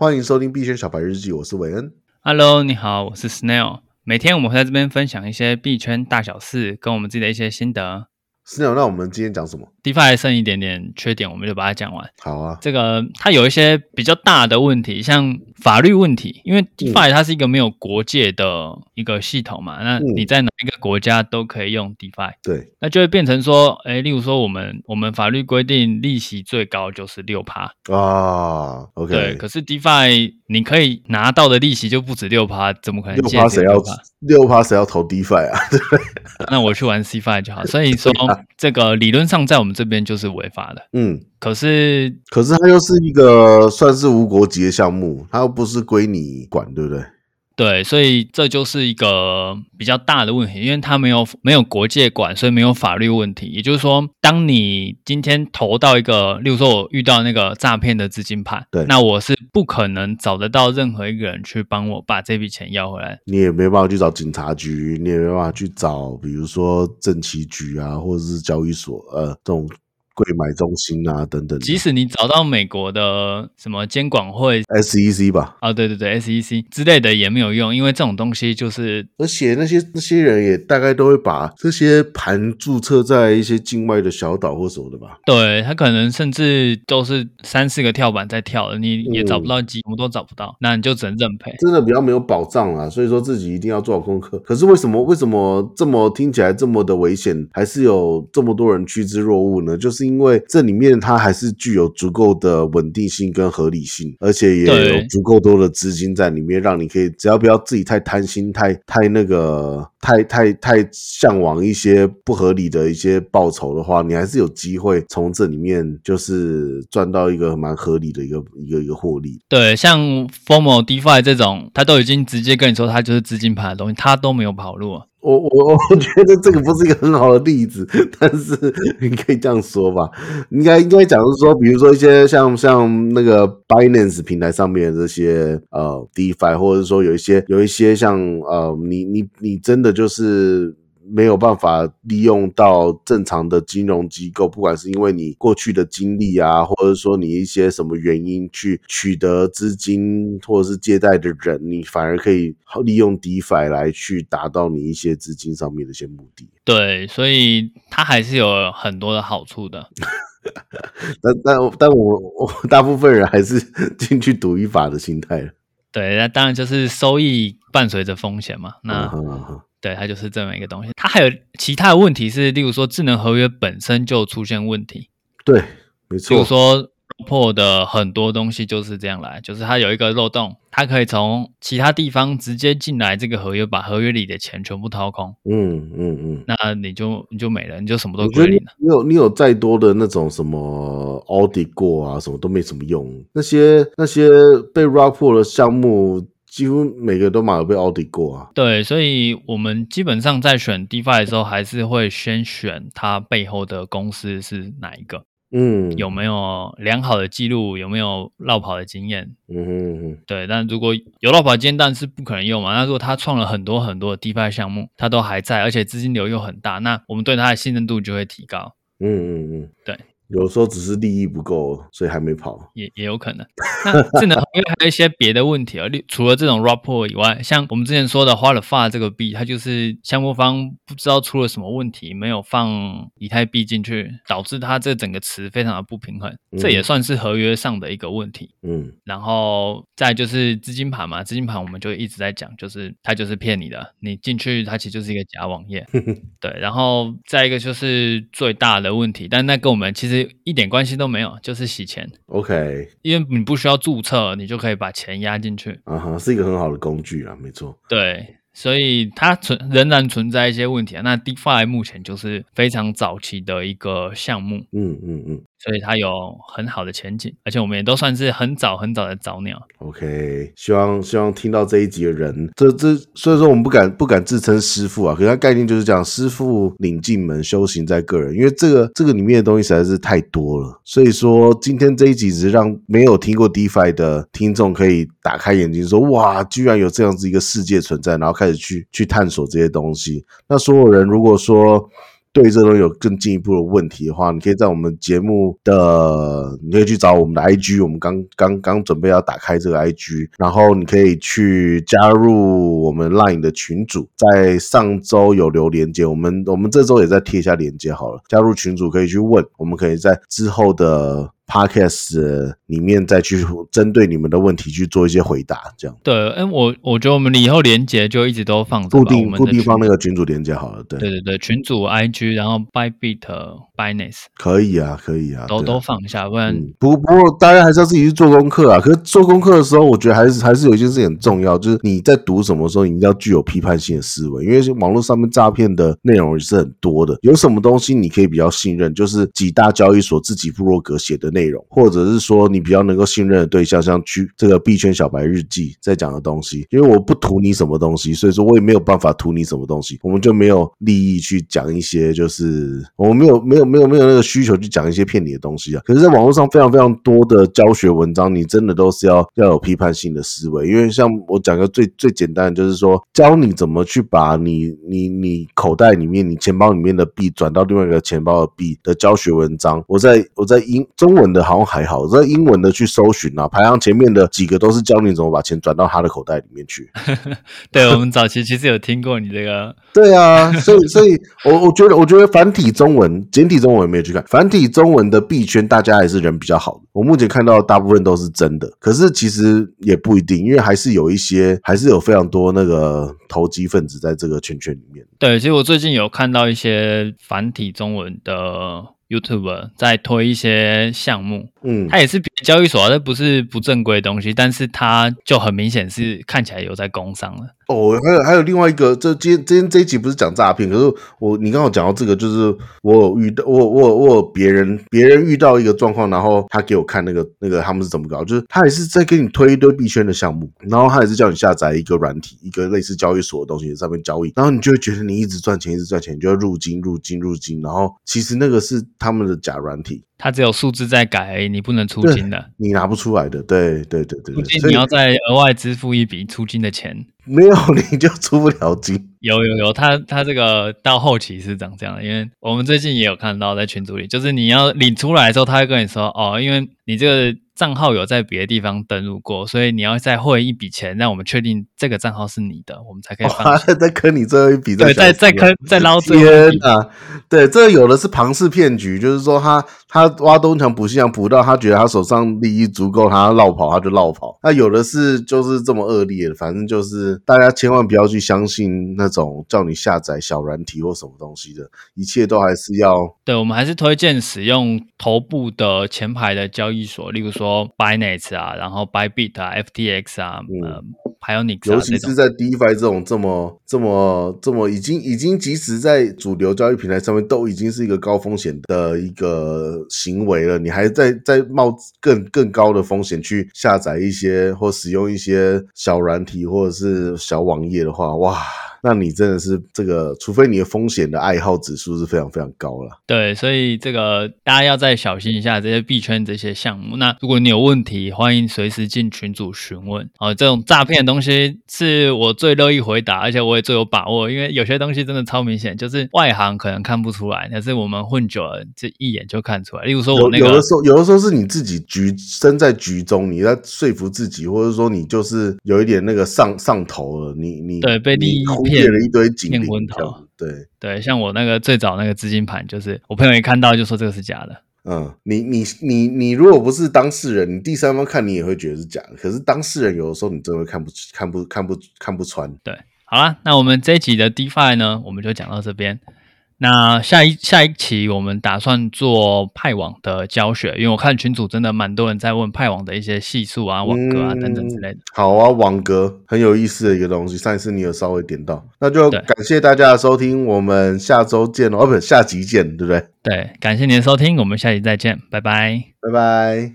歡迎收聽幣圈小白日記，我是韋恩。Hello，你好，我是 Snail。每天我們會在這邊分享一些幣圈大小事，跟我們自己的一些心得。是啊，那我們今天講什麼？DeFi 還剩一點點缺點，我們就把它講完。好啊，這個它有一些比較大的問題，像法律問題，因為 DeFi 它是一個沒有國界的一個系統嘛，嗯、那你在哪一個國家都可以用 DeFi。對，那就會變成說，哎、欸，例如說我們我們法律規定利息最高就是六趴啊。OK，對，可是 DeFi 你可以拿到的利息就不止六趴，怎麼可能6？六趴誰要？六趴誰要投 DeFi 啊？對， 那我去玩 CeFi 就好。所以說。這個理論上在我們這邊就是違法的，嗯，可是可是它又是一個算是無國籍的項目，它又不是歸你管，對不對？對，所以這就是一個比較大的問題，因為它沒有沒有國界管，所以沒有法律問題。也就是說，當你今天投到一個，例如說我遇到那個詐騙的資金盤，對，那我是不可能找得到任何一個人去幫我把這筆錢要回來。你也沒辦法去找警察局，你也沒辦法去找，比如說證期局啊，或者是交易所，呃，這種。櫃買中心啊，等等。即使你找到美國的什麼監管會 SEC 吧，啊，對對對，SEC 之類的也沒有用，因為這種東西就是，而且那些那些人也大概都會把這些盤註冊在一些境外的小島或什麼的吧。對，他可能甚至都是三四個跳板在跳，你也找不到機、嗯、什麼都找不到，那你就只能認賠，真的比較沒有保障啊，所以說自己一定要做好功課。可是為什麼為什麼這麼聽起來這麼的危險，還是有這麼多人趨之若鶩呢？就是。因為這裡面它還是具有足夠的穩定性跟合理性，而且也有足夠多的資金在裡面，讓你可以只要不要自己太貪心，太太那個。太太太向往一些不合理的一些報酬的話，你還是有機會從這裡面就是賺到一個蠻合理的一個一個一個獲利。對，像 Formal DeFi 這種，他都已經直接跟你說，他就是資金盤的東西，他都沒有跑路啊。我我我覺得這個不是一個很好的例子，但是你可以這樣說吧。應該應該講的是說，比如說一些像像那個 Binance 平台上面的這些呃 DeFi，或者說有一些有一些像呃你你你真的。這就是沒有辦法利用到正常的金融機構，不管是因為你過去的經歷啊，或者說你一些什麼原因去取得資金或者是借貸的人，你反而可以利用 DeFi 來去達到你一些資金上面的一些目的。對，所以它還是有很多的好處的。 但但但我我大部分人還是進去賭一把的心態。對，那當然就是收益伴隨着風險嘛。那，嗯嗯嗯對，它就是這麼一個東西。它還有其他的問題是，是例如說智能合約本身就出現問題。對，沒錯。例如說 rug pull 的很多東西就是這樣來，就是它有一個漏洞，它可以從其他地方直接進來這個合約，把合約裡的錢全部掏空。嗯嗯嗯。那你就你就沒了，你就什麼都虧了。你有你有再多的那種什麼 audit 過啊，什麼都沒什麼用。那些那些被 rug pull 的項目。幾乎每個都買了被奧迪過啊。對，所以，我們基本上在選 DeFi 的時候，還是會先選它背後的公司是哪一個。嗯，有沒有良好的記錄？有沒有落跑的經驗？嗯哼嗯，對，但如果有落跑經驗，但是不可能用嘛？那如果他創了很多很多的 DeFi 項目，他都還在，而且資金流又很大，那我們對他的信任度就會提高。嗯嗯嗯，對。有時候只是利益不夠，所以還沒跑，也也有可能。那智能合約還有一些別的問題啊、哦， 除了這種 rug pull 以外，像我們之前說的花了發這個幣，它就是項目方不知道出了什麼問題，沒有放以太幣進去，導致它這整個池非常的不平衡、嗯，這也算是合約上的一個問題。嗯，然後再就是資金盤嘛，資金盤我們就一直在講，就是它就是騙你的，你進去它其實就是一個假網頁。 對，然後再一個就是最大的問題，但那跟我們其實。一點關係都沒有，就是洗錢。OK，因為你不需要註冊，你就可以把錢壓進去。啊哈，是一個很好的工具啊，沒錯。對。所以它存仍然存在一些問題啊。那 DeFi 目前就是非常早期的一個項目，嗯嗯嗯，所以它有很好的前景，而且我們也都算是很早很早的、嗯嗯嗯、早，很早鳥。OK，希望希望聽到這一集的人，這這，雖然說我們不敢不敢自稱師父啊，可是他概念就是講師父領進門，修行在個人，因為這個這個裡面的東西實在是太多了。所以說今天這一集是讓沒有聽過 DeFi 的聽眾可以打開眼睛說，說哇，居然有這樣子一個世界存在，然後看。去去探索這些東西。那所有人如果說對這東西有更進一步的問題的話，你可以在我們節目的，你可以去找我們的 IG，我們剛剛剛準備要打開這個 IG，然後你可以去加入我們 LINE 的群組，在上周有留連接，我們我們這周也再貼一下連接好了，加入群組可以去問，我們可以在之後的。Podcast 裡面再去針對你們的問題去做一些回答，這樣對，哎，我我覺得我們以後連接就一直都放固定固定放那個群組連接好了，對對對，對群組 IG，然後 bybit、Binance，可以啊，可以啊，都都放一下，不然、嗯、不不過大家還是要自己去做功課啊。可是做功課的時候，我覺得還是還是有一件事情很重要，就是你在讀什麼時候，你一定要具有批判性的思維，因為網絡上面詐騙的內容也是很多的。有什麼東西你可以比較信任，就是幾大交易所自己部落格寫的內。內容，或者是說你比較能夠信任的對象，像去這個幣圈小白日記在講的東西，因為我不圖你什麼東西，所以說我也沒有辦法圖你什麼東西，我們就沒有利益去講一些，就是我們沒有沒有沒有沒有那個需求去講一些騙你的東西啊。可是，在網絡上非常非常多的教學文章，你真的都是要要有批判性的思維，因為像我講個最最簡單的，就是說教你怎麼去把你你你口袋裡面、你錢包裡面的幣轉到另外一個錢包的幣的教學文章，我在我在英中文。好像還好，這英文的去搜尋啊，排行前面的幾個都是教你怎麼把錢轉到他的口袋裡面去。 對，我們早期其實有聽過你這個。 對啊，所以所以，我我覺得我覺得繁體中文，簡體中文我沒有去看。繁體中文的幣圈，大家還是人比較好的。我目前看到大部分都是真的，可是其實也不一定，因為還是有一些，還是有非常多那個投機分子在這個圈圈裡面。對，其實我最近有看到一些繁體中文的 YouTuber 在推一些項目，嗯，他也是交易所啊，這不是不正規的東西，但是他就很明顯是看起來有在工商了。哦，還有還有另外一個，這今天今天這一集不是講詐騙，可是我你剛好講到這個，就是我遇到我有我我別人別人遇到一個狀況，然後他給我看那個那個他們是怎麼搞，就是他也是在給你推一堆幣圈的項目，然後他也是叫你下載一個軟體，一個類似交易所的東西上面交易，然後你就會覺得你一直賺錢，一直賺錢，你就要入金入金入金，然後其實那個是他們的假軟體。他只有數字在改，你不能出金的，你拿不出來的，對對對對，對，所以你要再額外支付一筆出金的錢，沒有你就出不了金。有有有，他他這個到後期是長這樣的，因為我們最近也有看到在群組裡，就是你要領出來的時候，他會跟你說哦，因為你這個賬號有在別的地方登錄過，所以你要再匯一筆錢，讓我們確定這個賬號是你的，我們才可以放。他在坑你最後一筆。對，再在在坑在撈 最後。天啊，對，這個、有的是龐氏騙局，就是說他他挖東牆補西牆補到，他覺得他手上利益足夠，他要落跑他就落跑。那有的是就是這麼惡劣的，反正就是大家千萬不要去相信那。這種叫你下載小軟體或什麼東西的，一切都還是要對，我們還是推薦使用頭部的前排的交易所，例如說 Binance 啊，然後 Bybit 啊，FTX 啊，嗯，還有你，尤其是在 DeFi 這種，這種、嗯、這麼這麼這麼已經已經即使在主流交易平台上面都已經是一個高風險的一個行為了，你還在在冒更更高的風險去下載一些或使用一些小軟體或者是小網頁的話，哇！那你真的是這個，除非你的風險的愛好指數是非常非常高了。對，所以這個大家要再小心一下這些幣圈這些項目。那如果你有問題，歡迎隨時進群組詢問。哦、呃，這種詐騙的東西是我最樂意回答，而且我也最有把握，因為有些東西真的超明顯，就是外行可能看不出來，但是我們混久了，這一眼就看出來。例如說，我那個有。有的時候，有的時候是你自己局，身在局中，你在說服自己，或者說你就是有一點那個上上頭了，你你。對，被利益。騙了一堆金。對對，像我那個最早那個資金盤，就是我朋友一看到，就說這個是假的。嗯，你你你你，你你如果不是當事人，你第三方看你也會覺得是假的。可是當事人有的時候你真的看不看不看不看不穿。對，好了，那我們這一集的 DeFi 呢，我們就講到這邊。那下一下一期我們打算做派網的教學，因為我看群組真的蠻多人在問派網的一些係數啊、嗯、網格啊等等之類的。好啊，網格很有意思的一個東西，上一次你有稍微點到，那就感謝大家的收聽，我們下周見哦不、哦，下集見，對不對？對，感謝您的收聽，我們下集再見，拜拜，拜拜。